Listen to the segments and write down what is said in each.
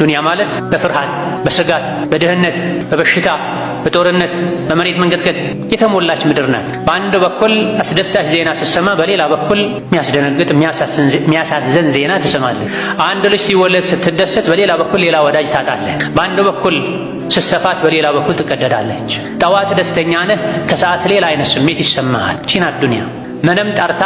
ዱንያ ማለት በፍርሃት፣ በስጋት፣ በድህነት፣ በበሽታ፣ በጦርነት፣ በመሬት መንቀጥቀጥ የተሞላች ምድር ናት። በአንድ በኩል አስደሳች ዜና ስትሰማ፣ በሌላ በኩል የሚያስደነግጥ የሚያሳዝን ዜና ትሰማለህ። አንድ ልጅ ሲወለድ ስትደሰት፣ በሌላ በኩል ሌላ ወዳጅ ታጣለህ። በአንድ በኩል ስትሰፋት፣ በሌላ በኩል ትቀደዳለች። ጠዋት ደስተኛ ነህ፣ ከሰዓት ሌላ አይነት ስሜት ይሰማሃል። ቺናት ዱንያ ምንም ጠርታ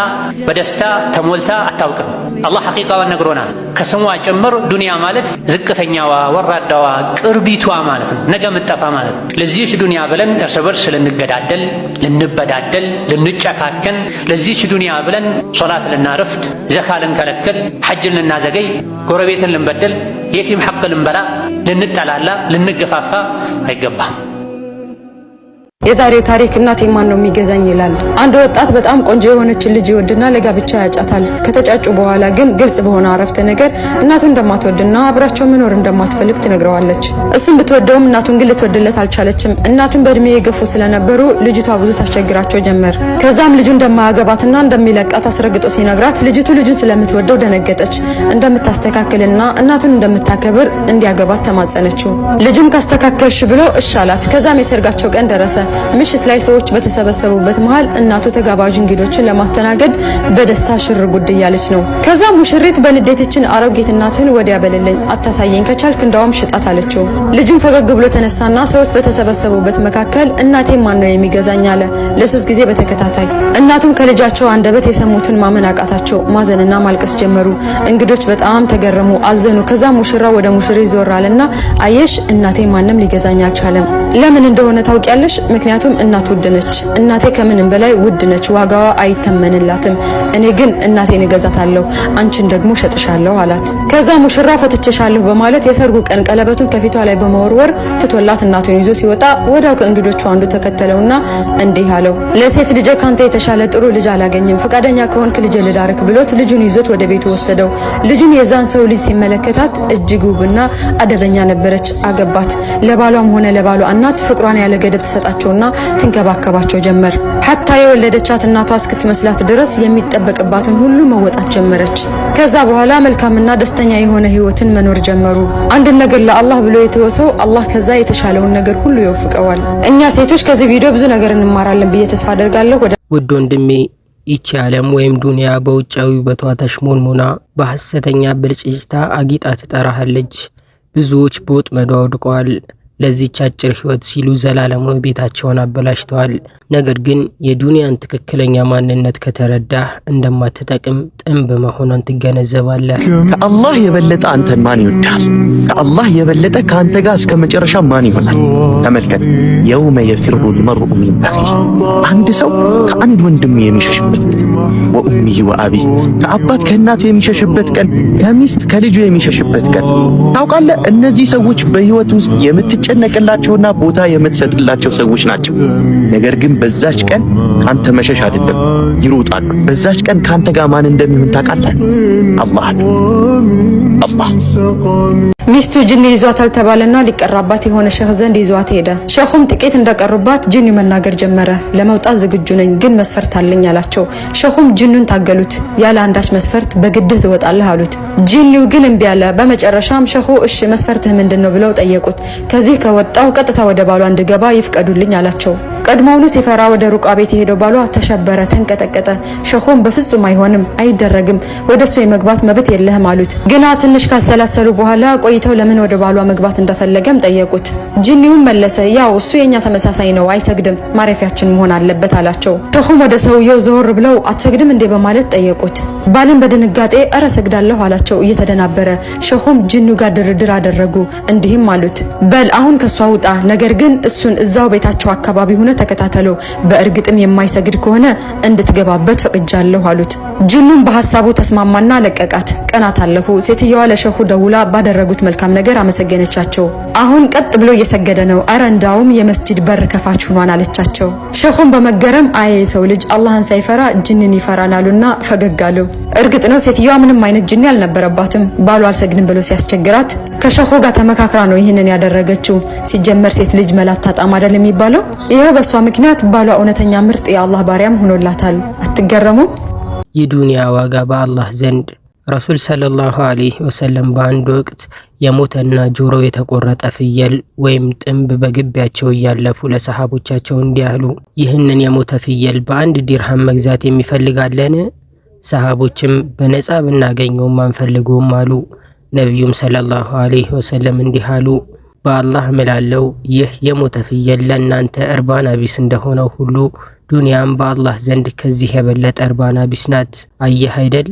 በደስታ ተሞልታ አታውቅም። አላህ ሐቂቃዋን ነግሮናል። ከስሟ ጭምር ዱንያ ማለት ዝቅተኛዋ፣ ወራዳዋ፣ ቅርቢቷ ማለት ነው። ነገ ምጠፋ ማለት ነው። ለዚህች ዱንያ ብለን እርስ በርስ ልንገዳደል፣ ልንበዳደል፣ ልንጨካከን፣ ለዚህች ዱንያ ብለን ሶላት ልናረፍድ፣ ዘካ ልንከለክል፣ ሐጅ ልናዘገይ፣ ጎረቤትን ልንበድል፣ የቲም ሐቅ ልንበላ፣ ልንጠላላ፣ ልንገፋፋ አይገባም። የዛሬው ታሪክ እናቴ ማን ነው የሚገዛኝ ይላል። አንድ ወጣት በጣም ቆንጆ የሆነችን ልጅ ይወድና ለጋብቻ ያጫታል። ከተጫጩ በኋላ ግን ግልጽ በሆነ አረፍተ ነገር እናቱ እንደማትወድና አብራቸው መኖር እንደማትፈልግ ትነግረዋለች። እሱም ብትወደውም እናቱን ግን ልትወድለት አልቻለችም። እናቱን በእድሜ የገፉ ስለነበሩ ልጅቷ ብዙ ታስቸግራቸው ጀመር። ከዛም ልጁ እንደማያገባትና እንደሚለቃት አስረግጦ ሲነግራት ልጅቱ ልጁን ስለምትወደው ደነገጠች። እንደምታስተካክልና እናቱን እንደምታከብር እንዲያገባት ተማጸነችው። ልጁም ካስተካከልሽ ብሎ እሻላት። ከዛም የሰርጋቸው ቀን ደረሰ። ምሽት ላይ ሰዎች በተሰበሰቡበት መሃል እናቱ ተጋባዥ እንግዶችን ለማስተናገድ በደስታ ሽር ጉድ እያለች ነው። ከዛ ሙሽሪት በንዴትችን አሮጊት እናትህን ወዲያ በልልኝ አታሳየኝ፣ ከቻልክ እንዳውም ሽጣት አለችው። ልጁም ፈገግ ብሎ ተነሳና ሰዎች በተሰበሰቡበት መካከል እናቴ ማን ነው የሚገዛኝ አለ ለሶስት ጊዜ በተከታታይ። እናቱም ከልጃቸው አንደበት የሰሙትን ማመን አቃታቸው። ማዘንና ማልቀስ ጀመሩ። እንግዶች በጣም ተገረሙ፣ አዘኑ። ከዛ ሙሽራ ወደ ሙሽሪት ዞራልና አየሽ እናቴ ማንም ሊገዛኝ አልቻለም። ለምን እንደሆነ ታውቂያለሽ? ምክንያቱም እናት ውድ ነች። እናቴ ከምንም በላይ ውድ ነች፣ ዋጋዋ አይተመንላትም። እኔ ግን እናቴን እገዛታለሁ፣ አንቺን ደግሞ ሸጥሻለሁ አላት። ከዛ ሙሽራ ፈትቼሻለሁ በማለት የሰርጉ ቀን ቀለበቱን ከፊቷ ላይ በመወርወር ትቶላት እናቱን ይዞ ሲወጣ ወዲያው ከእንግዶቹ አንዱ ተከተለውና እንዲህ አለው፣ ለሴት ልጅ ካንተ የተሻለ ጥሩ ልጅ አላገኝም፣ ፈቃደኛ ከሆንክ ልጅ ልዳርክ ብሎት ልጁን ይዞት ወደ ቤቱ ወሰደው። ልጁን የዛን ሰው ልጅ ሲመለከታት እጅግ ውብና አደበኛ ነበረች፣ አገባት። ለባሏም ሆነ ለባሏ እናት ፍቅሯን ያለ ገደብ ትሰጣቸውና ትንከባከባቸው ጀመር። ሀታ የወለደቻት እናቷ እስክትመስላት ድረስ የሚጠበቅባትን ሁሉ መወጣት ጀመረች። ከዛ በኋላ መልካምና ደስተኛ የሆነ ህይወትን መኖር ጀመሩ። አንድን ነገር ለአላህ ብሎ የተወ ሰው አላህ ከዛ የተሻለውን ነገር ሁሉ ይወፍቀዋል። እኛ ሴቶች ከዚህ ቪዲዮ ብዙ ነገር እንማራለን ብዬ ተስፋ አደርጋለሁ። ውድ ወንድሜ ይቺ ዓለም ወይም ዱንያ በውጫዊ ውበቷ ተሽሞንሙና በሐሰተኛ ብልጭታ አጊጣ ትጠራሃለች። ብዙዎች በወጥመዷ ወድቀዋል። ለዚች አጭር ህይወት ሲሉ ዘላለማዊ ቤታቸውን አበላሽተዋል። ነገር ግን የዱንያን ትክክለኛ ማንነት ከተረዳህ እንደማትጠቅም ጥንብ መሆኗን ትገነዘባለህ። ከአላህ የበለጠ አንተን ማን ይወዳል? ከአላህ የበለጠ ከአንተ ጋር እስከ መጨረሻ ማን ይሆናል? ተመልከት፣ የውመ የፊሩ ልመርኡ ሚን አንድ ሰው ከአንድ ወንድሙ የሚሸሽበት እምይ ወአቢይ ከአባት ከእናቱ የሚሸሽበት ቀን፣ ከሚስት ከልጁ የሚሸሽበት ቀን። ታውቃለህ፣ እነዚህ ሰዎች በህይወት ውስጥ የምትጨነቅላቸውና ቦታ የምትሰጥላቸው ሰዎች ናቸው። ነገር ግን በዛች ቀን ካንተ መሸሽ አይደለም፣ ይሮጣሉ። በዛች ቀን ካንተ ጋር ማን እንደሚሆን ታውቃለህ? አላህ አላህ ሚስቱ ጅኒ ይዟታል ተባለና ሊቀራባት የሆነ ሸህ ዘንድ ይዟት ሄደ። ሸኹም ጥቂት እንደቀሩባት ጅኒ መናገር ጀመረ። ለመውጣት ዝግጁ ነኝ፣ ግን መስፈርት አለኝ አላቸው። ሸኹም ጅኑን ታገሉት። ያለ አንዳች መስፈርት በግድህ ትወጣለህ አሉት። ጅኒው ግን እምቢ አለ። በመጨረሻም ሸኹ እሺ መስፈርትህ ምንድን ነው ብለው ጠየቁት። ከዚህ ከወጣው ቀጥታ ወደ ባሏ እንድገባ ይፍቀዱልኝ አላቸው። ቀድሞውኑ ሲፈራ ወደ ሩቃ ቤት የሄደው ባሏ ተሸበረ፣ ተንቀጠቀጠ። ሸሆም በፍጹም አይሆንም፣ አይደረግም፣ ወደ እሱ የመግባት መብት የለህም አሉት። ግና ትንሽ ካሰላሰሉ በኋላ ቆይተው ለምን ወደ ባሏ መግባት እንደፈለገም ጠየቁት። ጅኒውም መለሰ፣ ያው እሱ የኛ ተመሳሳይ ነው፣ አይሰግድም፣ ማረፊያችን መሆን አለበት አላቸው። ሸሆም ወደ ሰውየው ዘወር ብለው አትሰግድም እንዴ በማለት ጠየቁት። ባልም በድንጋጤ እረ ሰግዳለሁ አላቸው እየተደናበረ። ሸሆም ጅኒው ጋር ድርድር አደረጉ። እንዲህም አሉት፣ በል አሁን ከሷ ውጣ፣ ነገር ግን እሱን እዛው ቤታቸው አካባቢ ሁነ ተከታተሎ በእርግጥም የማይሰግድ ከሆነ እንድትገባበት ፈቅጃለሁ አሉት። ጅሉም በሐሳቡ ተስማማና ለቀቃት። ቀናት አለፉ። ሴትየዋ ለሸሁ ደውላ ባደረጉት መልካም ነገር አመሰገነቻቸው። አሁን ቀጥ ብሎ እየሰገደ ነው፣ አረ እንዳውም የመስጂድ በር ከፋች ሆኗን አለቻቸው። ሸሁም በመገረም አየ ሰው ልጅ አላህን ሳይፈራ ጅንን ይፈራን አሉና ፈገግ አሉ። እርግጥ ነው ሴትየዋ ምንም አይነት ጅን አልነበረባትም። ባሉ አልሰግድም ብሎ ሲያስቸግራት ከሸሁ ጋር ተመካክራ ነው ይህንን ያደረገችው። ሲጀመር ሴት ልጅ መላት ታጣም አይደል የሚባለው? ይኸው በእሷ ምክንያት ባሏ እውነተኛ ምርጥ የአላህ ባሪያም ሆኖላታል። አትገረሙ? የዱንያ ዋጋ በአላህ ዘንድ ረሱል ሰለላሁ አለይህ ወሰለም በአንድ ወቅት የሞተና ጆሮ የተቆረጠ ፍየል ወይም ጥንብ በግቢያቸው እያለፉ ለሰሃቦቻቸው እንዲያሉ ይህንን የሞተ ፍየል በአንድ ዲርሃም መግዛት የሚፈልጋለን? ሰሃቦችም በነፃ ብናገኘውም አንፈልገውም አሉ። ነቢዩም ሰለላሁ አለይህ ወሰለም እንዲህ አሉ፣ በአላህ እምላለው ይህ የሞተ ፍየል ለእናንተ እርባና ቢስ እንደሆነው ሁሉ ዱንያም በአላህ ዘንድ ከዚህ የበለጠ እርባና ቢስ ናት። አየህ አይደል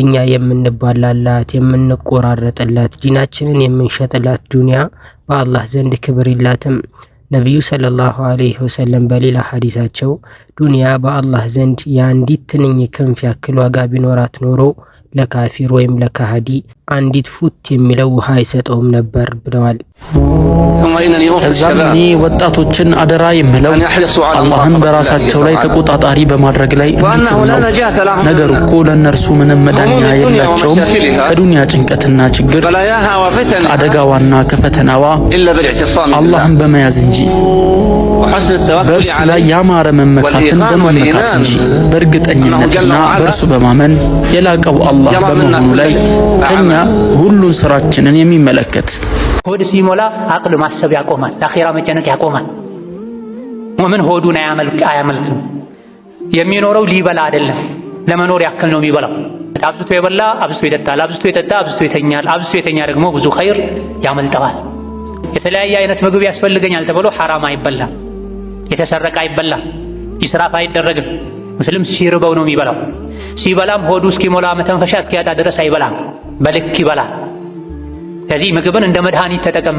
እኛ የምንባላላት የምንቆራረጥላት ዲናችንን የምንሸጥላት ዱንያ በአላህ ዘንድ ክብር የላትም። ነቢዩ ሰለላሁ አለይህ ወሰለም በሌላ ሀዲሳቸው ዱንያ በአላህ ዘንድ የአንዲት ትንኝ ክንፍ ያክል ዋጋ ቢኖራት ኖሮ ለካፊር ወይም ለካሃዲ አንዲት ፉት የሚለው ውሃ አይሰጠውም ነበር ብለዋል። ከዛም እኔ ወጣቶችን አደራ የምለው አላህን በራሳቸው ላይ ተቆጣጣሪ በማድረግ ላይ እንዲጥሩ ነው። ነገሩ እኮ ለእነርሱ ምንም መዳኛ የላቸውም። ከዱንያ ጭንቀትና ችግር ከአደጋዋና ከፈተናዋ አላህን በመያዝ እንጂ በእርሱ ላይ ያማረ መመካትን በመመካት እንጂ በእርግጠኝነትና በእርሱ በማመን የላቀው አላህ አላህ በመሆኑ ላይ ከኛ ሁሉን ስራችንን የሚመለከት ሆድ ሲሞላ አቅል ማሰብ ያቆማል። ለአኼራ መጨነቅ ያቆማል። ሙእምን ሆዱን አያመልክም። የሚኖረው ሊበላ አይደለም፣ ለመኖር ያክል ነው የሚበላው። አብዝቶ የበላ አብዝቶ ይጠጣል፣ አብዝቶ የጠጣ አብዝቶ ይተኛል፣ አብዝቶ የተኛ ደግሞ ብዙ ኸይር ያመልጠዋል። የተለያየ አይነት ምግብ ያስፈልገኛል ተብሎ ሐራም አይበላም፣ የተሰረቀ አይበላም፣ ይስራፍ አይደረግም። ሙስሊም ሲርበው ነው የሚበላው። ሲበላም ሆዱ እስኪሞላ መተንፈሻ እስኪያጣ ድረስ አይበላም፣ በልክ ይበላል። ከዚህ ምግብን እንደ መድኃኒት ተጠቀም።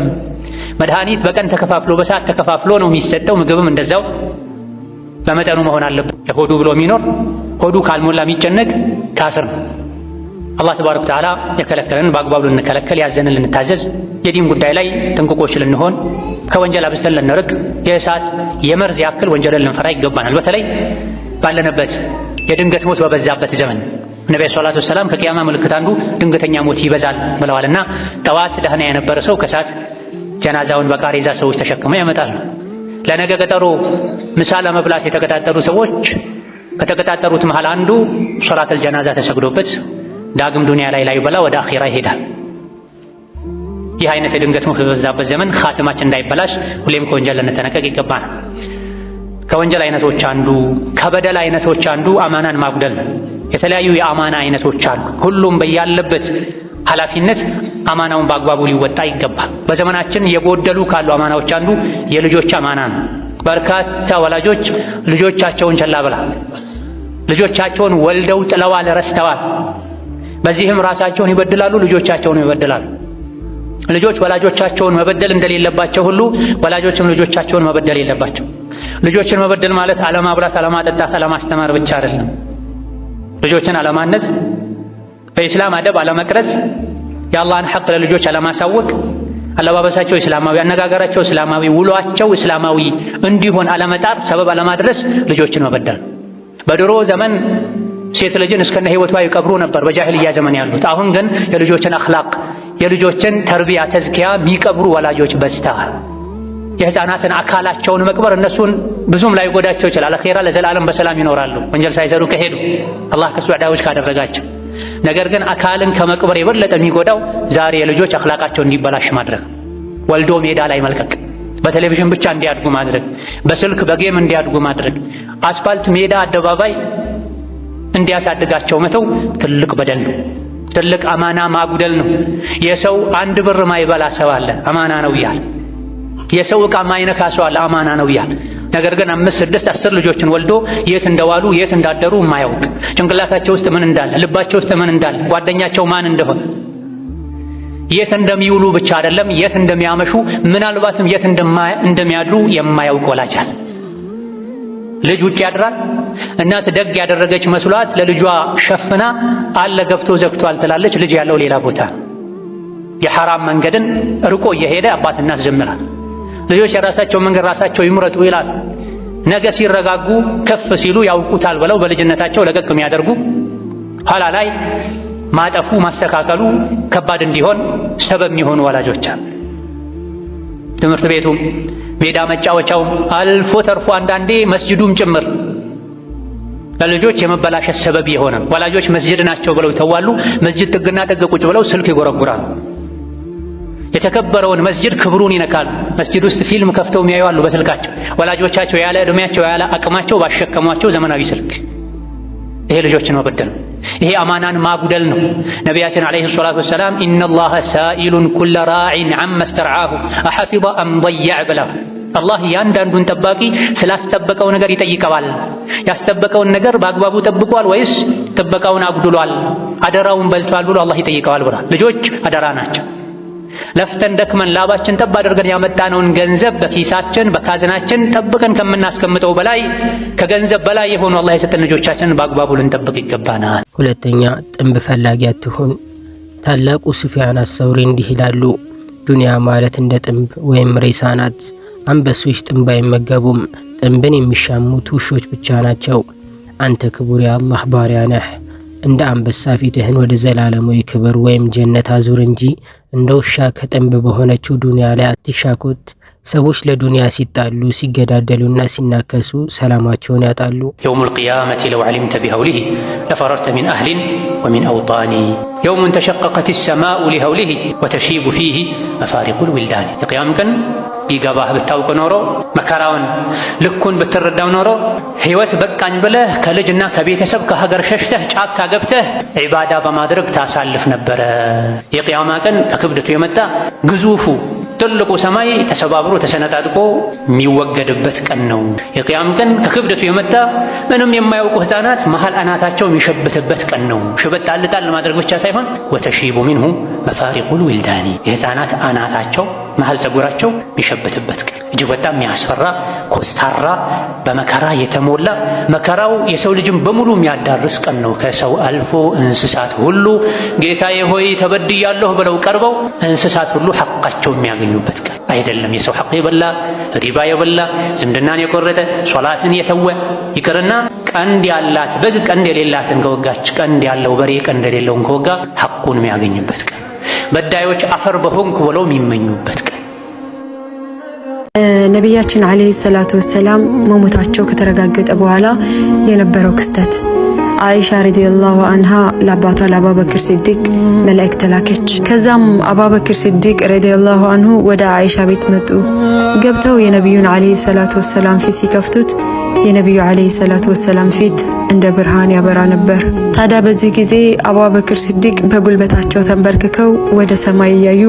መድኃኒት በቀን ተከፋፍሎ በሰዓት ተከፋፍሎ ነው የሚሰጠው። ምግብም እንደዛው በመጠኑ መሆን አለበት። ለሆዱ ብሎ የሚኖር ሆዱ ካልሞላ የሚጨነቅ ካስር ነው። አላህ ተባረከ ወተዓላ የከለከለን በአግባቡ ልንከለከል ያዘንን ልንታዘዝ፣ የዲን ጉዳይ ላይ ጥንቁቆች ልንሆን፣ ከወንጀል አብስተን ልንርቅ፣ የእሳት የመርዝ ያክል ወንጀልን ልንፈራ ይገባናል። በተለይ ባለንበት የድንገት ሞት በበዛበት ዘመን ነቢ ሰላቱ ወሰላም ከቅያማ ምልክት አንዱ ድንገተኛ ሞት ይበዛል ብለዋልና ጠዋት ደህና የነበረ ሰው ከሰዓት ጀናዛውን በቃሬዛ ሰዎች ተሸክመው ያመጣሉ። ለነገ ቀጠሮ ምሳ ለመብላት የተቀጣጠሩ ሰዎች ከተቀጣጠሩት መሃል አንዱ ሶላተል ጀናዛ ተሰግዶበት ዳግም ዱንያ ላይ ላይ በላ ወደ አኺራ ይሄዳል። ይህ አይነት የድንገት ሞት በበዛበት ዘመን ኻትማችን እንዳይበላሽ ሁሌም ከወንጀል ልንጠነቀቅ ይገባናል። ከወንጀል አይነቶች አንዱ ከበደል አይነቶች አንዱ አማናን ማጉደል ነው። የተለያዩ የአማና አይነቶች አሉ። ሁሉም በያለበት ኃላፊነት አማናውን በአግባቡ ሊወጣ ይገባል። በዘመናችን የጎደሉ ካሉ አማናዎች አንዱ የልጆች አማና ነው። በርካታ ወላጆች ልጆቻቸውን ቸላ ብላ ልጆቻቸውን ወልደው ጥለዋል፣ ረስተዋል። በዚህም ራሳቸውን ይበድላሉ፣ ልጆቻቸውን ይበድላሉ። ልጆች ወላጆቻቸውን መበደል እንደሌለባቸው ሁሉ ወላጆችም ልጆቻቸውን መበደል የለባቸው ልጆችን መበደል ማለት አለማብላት፣ አለማጠጣት፣ አለማስተማር ብቻ አይደለም። ልጆችን አለማነጽ፣ በኢስላም አደብ አለመቅረጽ፣ የአላህን ሐቅ ለልጆች አለማሳወቅ፣ አለባበሳቸው እስላማዊ፣ አነጋገራቸው እስላማዊ፣ ውሏቸው እስላማዊ እንዲሆን አለመጣር፣ ሰበብ አለማድረስ ልጆችን መበደል። በድሮ ዘመን ሴት ልጅን እስከነ ህይወቷ ይቀብሩ ነበር በጃሂልያ ዘመን ያሉት። አሁን ግን የልጆችን አኽላቅ የልጆችን ተርቢያ ተዝኪያ የሚቀብሩ ወላጆች በዝተዋል። የህፃናትን አካላቸውን መቅበር እነሱን ብዙም ላይ ጎዳቸው ይችላል። አኼራ ለዘላለም በሰላም ይኖራሉ፣ ወንጀል ሳይሰሩ ከሄዱ አላህ ዕዳዎች ካደረጋቸው። ነገር ግን አካልን ከመቅበር የበለጠ የሚጎዳው ዛሬ የልጆች አኽላቃቸው እንዲበላሽ ማድረግ፣ ወልዶ ሜዳ ላይ መልቀቅ፣ በቴሌቪዥን ብቻ እንዲያድጉ ማድረግ፣ በስልክ በጌም እንዲያድጉ ማድረግ፣ አስፋልት፣ ሜዳ፣ አደባባይ እንዲያሳድጋቸው መተው ትልቅ በደል ነው። ትልቅ አማና ማጉደል ነው። የሰው አንድ ብር ማይበላ ሰው አለ አማና ነው እያለ የሰው ዕቃ ማይነካ ሰው አለ አማና ነው ይላል። ነገር ግን አምስት ስድስት አስር ልጆችን ወልዶ የት እንደዋሉ የት እንዳደሩ የማያውቅ ጭንቅላታቸው ውስጥ ምን እንዳለ፣ ልባቸው ውስጥ ምን እንዳለ፣ ጓደኛቸው ማን እንደሆነ የት እንደሚውሉ ብቻ አይደለም የት እንደሚያመሹ ምናልባትም የት እንደሚያድሩ የማያውቅ ወላጅ ልጅ ውጭ ያድራል። እናት ደግ ያደረገች መስሏት ለልጇ ሸፍና አለ ገብቶ ዘግቷል ትላለች። ልጅ ያለው ሌላ ቦታ የሐራም መንገድን ርቆ እየሄደ አባት እናት ልጆች የራሳቸውን መንገድ ራሳቸው ይምረጡ ይላል። ነገ ሲረጋጉ ከፍ ሲሉ ያውቁታል ብለው በልጅነታቸው ለቀቅ የሚያደርጉ ኋላ ላይ ማጠፉ ማስተካከሉ ከባድ እንዲሆን ሰበብ የሚሆኑ ወላጆች አሉ። ትምህርት ቤቱም ሜዳ መጫወቻውም አልፎ ተርፎ አንዳንዴ መስጅዱም ጭምር ለልጆች የመበላሸት ሰበብ የሆነ ወላጆች መስጅድ ናቸው ብለው ይተዋሉ። መስጅድ ጥግና ጥግ ቁጭ ብለው ስልክ ይጎረጉራሉ። የተከበረውን መስጅድ ክብሩን ይነካሉ። መስጅድ ውስጥ ፊልም ከፍተው የሚያዩ አሉ በስልካቸው። ወላጆቻቸው ያለ ዕድሜያቸው ያለ አቅማቸው ባሸከሟቸው ዘመናዊ ስልክ ይሄ ልጆችን መበደል ነው። ይሄ አማናን ማጉደል ነው። ነቢያችን ዓለይሂ ሰላቱ ወሰላም ኢነላሀ ሳኢሉን ኩለ ራዒን አማ ስተርዓሁ አሐፊበ አም ደየዐ ብለው አላህ እያንዳንዱን ጠባቂ ስላስጠበቀው ነገር ይጠይቀዋል። ያስጠበቀውን ነገር በአግባቡ ጠብቋል ወይስ ጥበቃውን አጉድሏል፣ አደራውን በልቷል ብሎ አላህ ይጠይቀዋል ብሏል። ልጆች አደራ ናቸው። ለፍተን ደክመን ላባችን ጠብ አድርገን ያመጣነውን ገንዘብ በኪሳችን በካዝናችን ጠብቀን ከምናስቀምጠው በላይ ከገንዘብ በላይ የሆኑ አላህ የሰጠን ልጆቻችንን በአግባቡ ልንጠብቅ ይገባናል። ሁለተኛ ጥንብ ፈላጊ አትሁን። ታላቁ ሱፊያን አሰውሪ እንዲህ ይላሉ፣ ዱንያ ማለት እንደ ጥንብ ወይም ሬሳ ናት። አንበሶች ጥንብ አይመገቡም። ጥንብን የሚሻሙት ውሾች ብቻ ናቸው። አንተ ክቡር የአላህ ባሪያ ነህ። እንደ አንበሳ ፊትህን ወደ ዘላለማዊ ክብር ወይም ጀነት አዙር እንጂ እንደ ውሻ ከጥንብ በሆነችው ዱንያ ላይ አትሻኮት። ሰዎች ለዱንያ ሲጣሉ ሲገዳደሉና ሲናከሱ ሰላማቸውን ያጣሉ። የውሙል ልቅያመት ለው ዓሊምተ ቢሀውሊሂ ለፈረርተ ሚን አህሊን ወሚን አውጣኒ የውሙን ተሸቀቀት ሰማኡ ሊሀውሊሂ ወተሺቡ ፊህ መፋሪቁ ዊልዳኒ የቅያም ቀን ቢገባህ ብታውቅ ኖሮ መከራውን ልኩን ብትረዳው ኖሮ ሕይወት በቃኝ ብለህ ከልጅና ከቤተሰብ ከሀገር ሸሽተህ ጫካ ገብተህ ዒባዳ በማድረግ ታሳልፍ ነበረ። የቅያማ ቀን ከክብደቱ የመጣ ግዙፉ ትልቁ ሰማይ ተሰባብሮ ተሰነጣጥቆ የሚወገድበት ቀን ነው። የቅያም ቀን ከክብደቱ የመጣ ምንም የማያውቁ ህፃናት መሀል አናታቸው የሚሸብትበት ቀን ነው። ሽበት ጣልጣል ለማድረግ ብቻ ሳይሆን ወተሺቡ ሚንሁ መፋሪቁል ዊልዳኒ የህፃናት አናታቸው መሀል ፀጉራቸው የሚሸብትበት ቀን እጅግ በጣም የሚያስፈራ ኮስታራ፣ በመከራ የተሞላ መከራው የሰው ልጅም በሙሉ የሚያዳርስ ቀን ነው። ከሰው አልፎ እንስሳት ሁሉ ጌታዬ ሆይ ተበድያለሁ ብለው ቀርበው እንስሳት ሁሉ ሐቃቸው የሚያገ የሌሉበት ቀን አይደለም። የሰው ሐቅ የበላ ሪባ የበላ ዝምድናን የቆረጠ ሶላትን የተወ ይቅርና ቀንድ ያላት በግ ቀንድ የሌላትን ከወጋች ቀንድ ያለው በሬ ቀንድ የሌለውን ከወጋ ሐቁን የሚያገኝበት ቀን፣ በዳዮች አፈር በሆንኩ ብለው የሚመኙበት ቀን። ነቢያችን አለይሂ ሰላቱ ወሰላም መሞታቸው ከተረጋገጠ በኋላ የነበረው ክስተት አይሻ ረዲየላሁ አንሃ ለአባቷ ለአባበክር ሲዲቅ መልእክት ላከች። ከዛም አባበክር ሲዲቅ ረዲየላሁ አንሁ ወደ አይሻ ቤት መጡ። ገብተው የነቢዩን ዓለይሂ ሰላቱ ወሰላም ፊት ሲከፍቱት የነቢዩ ዓለይሂ ሰላቱ ወሰላም ፊት እንደ ብርሃን ያበራ ነበር። ታዲያ በዚህ ጊዜ አቡበክር ሲዲቅ በጉልበታቸው ተንበርክከው ወደ ሰማይ እያዩ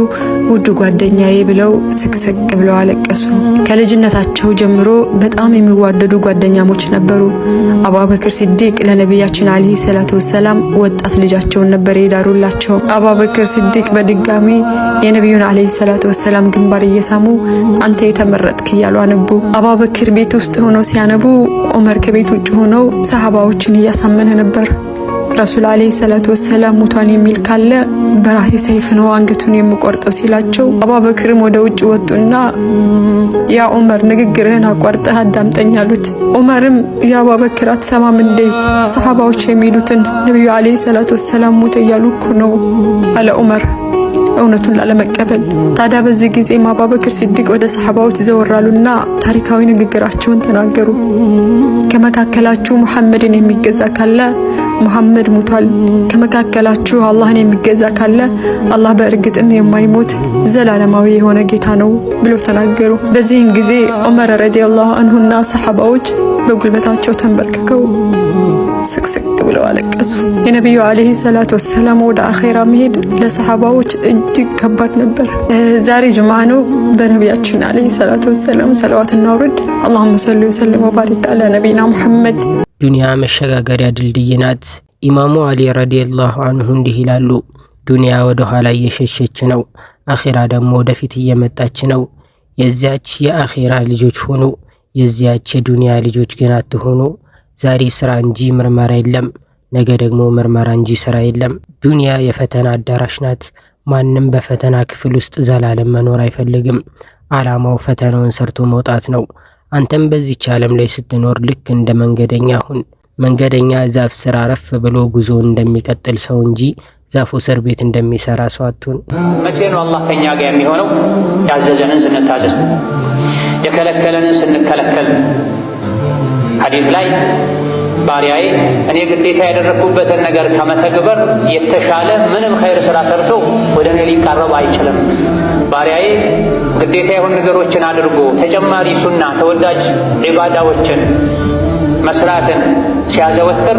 ውድ ጓደኛዬ ብለው ስቅስቅ ብለው አለቀሱ። ከልጅነታቸው ጀምሮ በጣም የሚዋደዱ ጓደኛሞች ነበሩ። አቡበክር ሲዲቅ ለነቢያችን ዓለይሂ ሰላቱ ወሰላም ወጣት ልጃቸውን ነበር የዳሩላቸው። አቡበክር ሲዲቅ በድጋሚ የነቢዩን ዓለይሂ ሰላቱ ወሰላም ግንባር እየሳሙ አንተ የተመረጥክ እያሉ አነቡ። አቡበክር ቤት ውስጥ ሆኖ ሲያነቡ ኦመር ከቤት ውጭ ሆነው ሰሃባዎችን እያሳመነ ነበር። ረሱል አለይሂ ሰላቱ ወሰላም ሙቷን የሚል ካለ በራሴ ሰይፍ ነው አንገቱን የምቆርጠው ሲላቸው አባበክርም ወደ ውጭ ወጡና ያ ኦመር ንግግርህን አቋርጠህ አዳምጠኝ አሉት። ያ አባበክር አትሰማም እንዴ ሰሃባዎች የሚሉትን ነቢዩ አለይሂ ሰላቱ ወሰላም ሞተ እያሉ እኮ ነው አለ ኦመር። እውነቱን ላለመቀበል። ታዲያ በዚህ ጊዜ ማባበክር ሲዲቅ ወደ ሰሐባዎች ይዘወራሉና ታሪካዊ ንግግራቸውን ተናገሩ። ከመካከላችሁ ሙሐመድን የሚገዛ ካለ ሙሐመድ ሙቷል። ከመካከላችሁ አላህን የሚገዛ ካለ አላህ በእርግጥም የማይሞት ዘላለማዊ የሆነ ጌታ ነው ብሎ ተናገሩ። በዚህን ጊዜ ዑመር ረዲየላሁ አንሁና ሰሐባዎች በጉልበታቸው ተንበርክከው ስቅስቅ ብለው አለቀሱ። የነቢዩ አለይሂ ሰላቱ ወሰላም ወደ አኼራ መሄድ ለሰሃባዎች እጅግ ከባድ ነበር። ዛሬ ጅማ ነው። በነቢያችን አለይሂ ሰላቱ ወሰላም ሰለዋት እናውርድ። አላሁመ ሰሊ ወሰለም ወባሪክ አላ ነቢና ሙሐመድ። ዱንያ መሸጋገሪያ ድልድይ ናት። ኢማሙ አሊ ረዲየላሁ አንሁ እንዲህ ይላሉ፣ ዱንያ ወደ ኋላ እየሸሸች ነው፣ አኼራ ደግሞ ወደፊት እየመጣች ነው። የዚያች የአኼራ ልጆች ሆኑ፣ የዚያች የዱንያ ልጆች ግን አትሆኑ። ዛሬ ስራ እንጂ ምርመራ የለም፣ ነገ ደግሞ ምርመራ እንጂ ስራ የለም። ዱንያ የፈተና አዳራሽ ናት። ማንም በፈተና ክፍል ውስጥ ዘላለም መኖር አይፈልግም። ዓላማው ፈተናውን ሰርቶ መውጣት ነው። አንተም በዚች ዓለም ላይ ስትኖር ልክ እንደ መንገደኛ ሁን። መንገደኛ ዛፍ ስር አረፍ ብሎ ጉዞ እንደሚቀጥል ሰው እንጂ ዛፉ እስር ቤት እንደሚሰራ ሰው አትሁን። መቼ ነው አላህ ከኛ ጋር የሚሆነው? ያዘዘንን ስንታዘዝ፣ የከለከለንን ስንከለከል ሐዲስ ላይ ባሪያዬ እኔ ግዴታ ያደረግኩበትን ነገር ከመተግበር የተሻለ ምንም ኸይር ስራ ሰርቶ ወደ እኔ ሊቃረብ አይችልም። ባሪያዬ ግዴታ የሆኑ ነገሮችን አድርጎ ተጨማሪ ሱና ተወዳጅ ዒባዳዎችን መስራትን ሲያዘወትር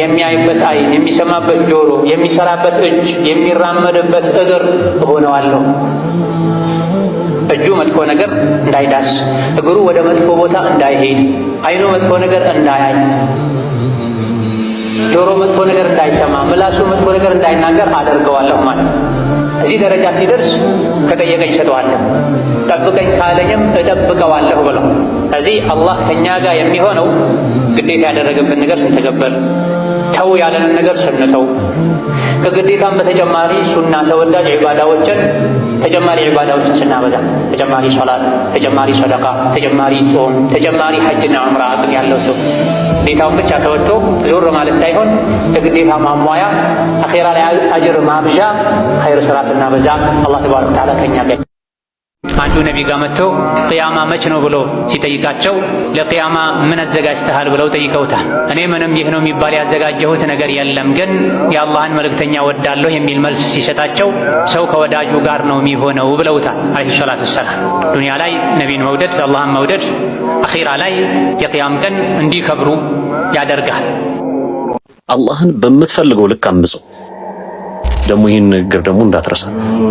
የሚያይበት አይን የሚሰማበት ጆሮ፣ የሚሰራበት እጅ፣ የሚራመድበት እግር እሆነዋለሁ። እጁ መጥፎ ነገር እንዳይዳስ፣ እግሩ ወደ መጥፎ ቦታ እንዳይሄድ፣ አይኑ መጥፎ ነገር እንዳያይ፣ ጆሮ መጥፎ ነገር እንዳይሰማ፣ ምላሱ መጥፎ ነገር እንዳይናገር አደርገዋለሁ ማለት እዚህ ደረጃ ሲደርስ ከጠየቀኝ ሰጠዋለሁ፣ ጠብቀኝ ካለኝም እጠብቀዋለሁ ብለው። እዚህ አላህ ከእኛ ጋር የሚሆነው ግዴታ ያደረገብን ነገር ስንተገበር ተው ያለንን ነገር ስንተው ከግዴታም በተጨማሪ ሱና ተወዳጅ ዒባዳዎችን ተጨማሪ ዒባዳዎችን ስናበዛ ተጨማሪ ሶላት፣ ተጨማሪ ሰደቃ፣ ተጨማሪ ጾም፣ ተጨማሪ ሐጅና ዑምራ አቅም ያለው ሰው ግዴታውን ብቻ ተወጥቶ ዞር ማለት ሳይሆን ከግዴታ ማሟያ አኼራ ላይ አጅር ማብዣ ኸይር ስራ ስናበዛ አላህ ተባረከ ወተዓላ ከኛ አንዱ ነቢ ጋር መጥቶ ቅያማ መች ነው ብሎ ሲጠይቃቸው ለቅያማ ምን አዘጋጅተሃል ብለው ጠይቀውታል። እኔ ምንም ይህ ነው የሚባል ያዘጋጀሁት ነገር የለም፣ ግን የአላህን መልእክተኛ ወዳለሁ የሚል መልስ ሲሰጣቸው ሰው ከወዳጁ ጋር ነው የሚሆነው ብለውታል አለይሂ ሰላቱ ወሰላም። ዱንያ ላይ ነቢን መውደድ፣ አላህን መውደድ አኺራ ላይ የቅያም ቀን እንዲከብሩ ያደርጋል። አላህን በምትፈልገው ልክ አምፁ ደግሞ ይህን ንግግር ደግሞ እንዳትረሳ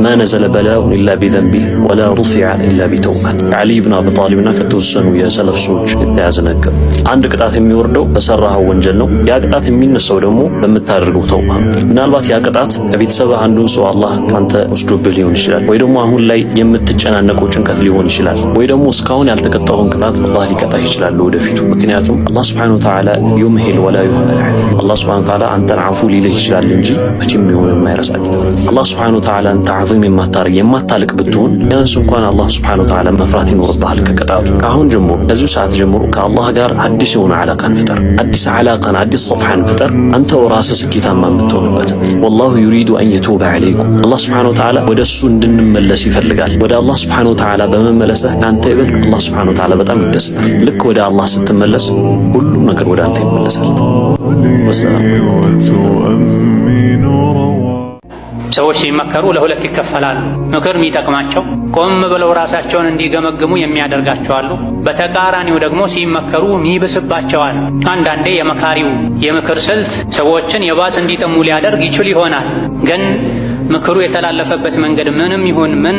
ማነዘለ በላው ኢላ ቢዘንቢ ወላ ሩፊዓ ኢላ ቢተውባ ዓሊ ብን አቢ ጣሊብና ከተወሰኑ የሰለፍ ሰዎች የተያዘ ነገር። አንድ ቅጣት የሚወርደው በሰራኸው ወንጀል ነው። ያ ቅጣት የሚነሳው ደግሞ በምታደርገው ተውባ። ምናልባት ያ ቅጣት ከቤተሰብህ አንዱን ሰው አላህ ካንተ ወስዶብህ ሊሆን ይችላል፣ ወይ ደግሞ አሁን ላይ የምትጨናነቀው ጭንቀት ሊሆን ይችላል፣ ወይ ደግሞ እስካሁን ያልተቀጣውን ቅጣት አላህ ሊቀጣ ይችላል ወደፊቱ። ምክንያቱም አላህ ሱብሓነሁ ወተዓላ ዩምሂል ወላ ዩህመል አላህ ሱብሓነሁ ወተዓላ አንተን አፉ ሊልህ ይችላል እንጂ መቼም ቢሆን የማይረሳ ያንሳል። አላህ ስብሐነሁ ወተዓላን ተዓዚም የማታደርግ የማታልቅ ብትሆን ቢያንስ እንኳን አላህ ስብሐነሁ ወተዓላ መፍራት ይኖርብሃል። ከቅጣቱ ከአሁን ጀምሮ እዚሁ ሰዓት ጀምሮ ከአላህ ጋር አዲስ የሆነ ዓላቃን ፍጠር። አዲስ ዓላቃን አዲስ ሶፍሐን ፍጠር። አንተው ራስህ ስኬታማ የምትሆንበት። ወላሁ ዩሪዱ አን የቱበ ዐለይኩም። አላህ ስብሐነሁ ወተዓላ ወደ እሱ እንድንመለስ ይፈልጋል። ወደ አላህ ስብሐነሁ ወተዓላ በመመለስህ አንተ ይበልጥ አላህ ስብሐነሁ ወተዓላ በጣም ይደሰታል። ልክ ወደ አላህ ስትመለስ ሁሉም ነገር ወደ አንተ ይመለሳል። ወሰላም ሰዎች ሲመከሩ ለሁለት ይከፈላሉ። ምክር የሚጠቅማቸው ቆም ብለው ራሳቸውን እንዲገመግሙ የሚያደርጋቸዋሉ። በተቃራኒው ደግሞ ሲመከሩ ሚብስባቸዋል። አንዳንዴ የመካሪው የምክር ስልት ሰዎችን የባስ እንዲጠሙ ሊያደርግ ይችል ይሆናል። ግን ምክሩ የተላለፈበት መንገድ ምንም ይሁን ምን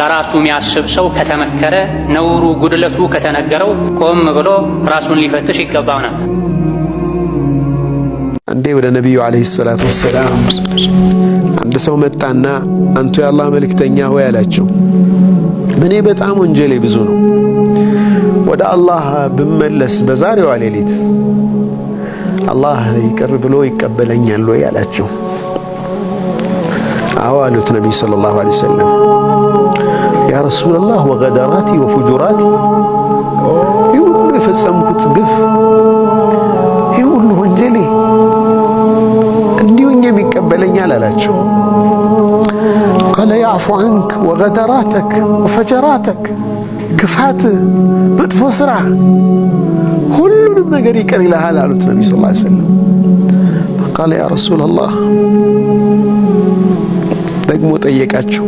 ለራሱ የሚያስብ ሰው ከተመከረ፣ ነውሩ ጉድለቱ ከተነገረው ቆም ብሎ ራሱን ሊፈትሽ ይገባው ነው። እንዴ ወደ ነቢዩ አለይሂ ሰላቱ ወሰላም አንድ ሰው መጣና አንቱ የአላህ መልእክተኛ ሆይ አላቸው፣ እኔ በጣም ወንጀሌ ብዙ ነው። ወደ አላህ ብመለስ በዛሬዋ ሌሊት አላህ ይቅር ብሎ ይቀበለኛል ወይ አላቸው። አዎ አሉት ነቢይ ሰለላሁ ዐለይሂ ወሰለም። ያ ረሱለላህ ወገደራቲ ወፉጁራቲ ይሁሉ የፈጸምኩት ግፍ ይገባኛል አላቸው። ቃለ ያዕፉ አንክ ወገደራተክ ወፈጀራተክ ክፋትህ፣ መጥፎ ስራ፣ ሁሉንም ነገር ይቅር ይልሃል አሉት ነቢ ስ ሰለም ቃለ ያ ረሱላ ላህ ደግሞ ጠየቃቸው።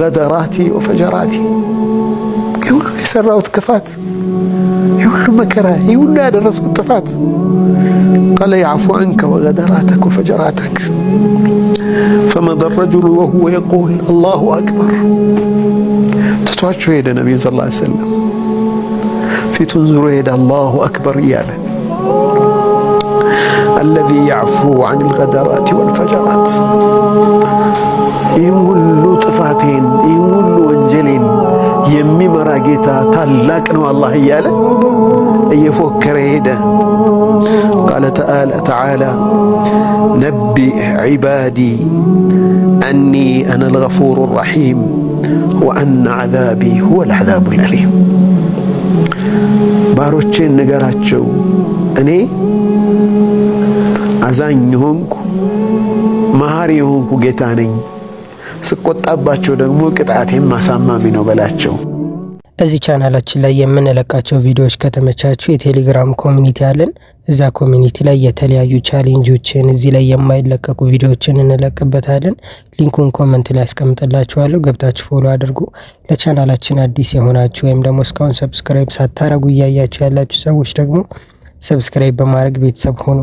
ገደራቲ ወፈጀራቲ ሁሉ የሰራሁት ክፋት የሁሉ መከራ ይሁሉ ያደረስኩት ጥፋት قال يعفو عنك وغدراتك وفجراتك فمضى الرجل وهو يقول الله أكبر ትቷቸው ሄደ ነቢዩ ስ ላ ሰለም ፊቱን ዙሮ ሄደ አላሁ አክበር እያለ አለዚ ያዕፉ አን ልገደራት ወልፈጀራት ይህ ሁሉ ጥፋቴን ይህ ሁሉ ወንጀሌን የሚመራ ጌታ ታላቅ ነው አላህ እያለ እየፎከረ ሄደ። ቃለ ተዓላ ነቢእ ዒባዲ አኒ አነ ልገፉሩ ራሒም ወአነ ዓዛቢ ሁወ ልዓዛቡ ልአሊም ባሮቼን ንገራቸው እኔ አዛኝ የሆንኩ መሃሪ የሆንኩ ጌታ ነኝ፣ ስቆጣባቸው ደግሞ ቅጣቴም አሳማሚ ነው በላቸው። እዚህ ቻናላችን ላይ የምንለቃቸው ቪዲዮዎች ከተመቻችሁ የቴሌግራም ኮሚኒቲ አለን። እዛ ኮሚኒቲ ላይ የተለያዩ ቻሌንጆችን፣ እዚህ ላይ የማይለቀቁ ቪዲዮዎችን እንለቅበታለን። ሊንኩን ኮመንት ላይ አስቀምጥላችኋለሁ። ገብታችሁ ፎሎ አድርጉ። ለቻናላችን አዲስ የሆናችሁ ወይም ደግሞ እስካሁን ሰብስክራይብ ሳታረጉ እያያችሁ ያላችሁ ሰዎች ደግሞ ሰብስክራይብ በማድረግ ቤተሰብ ሆኑ።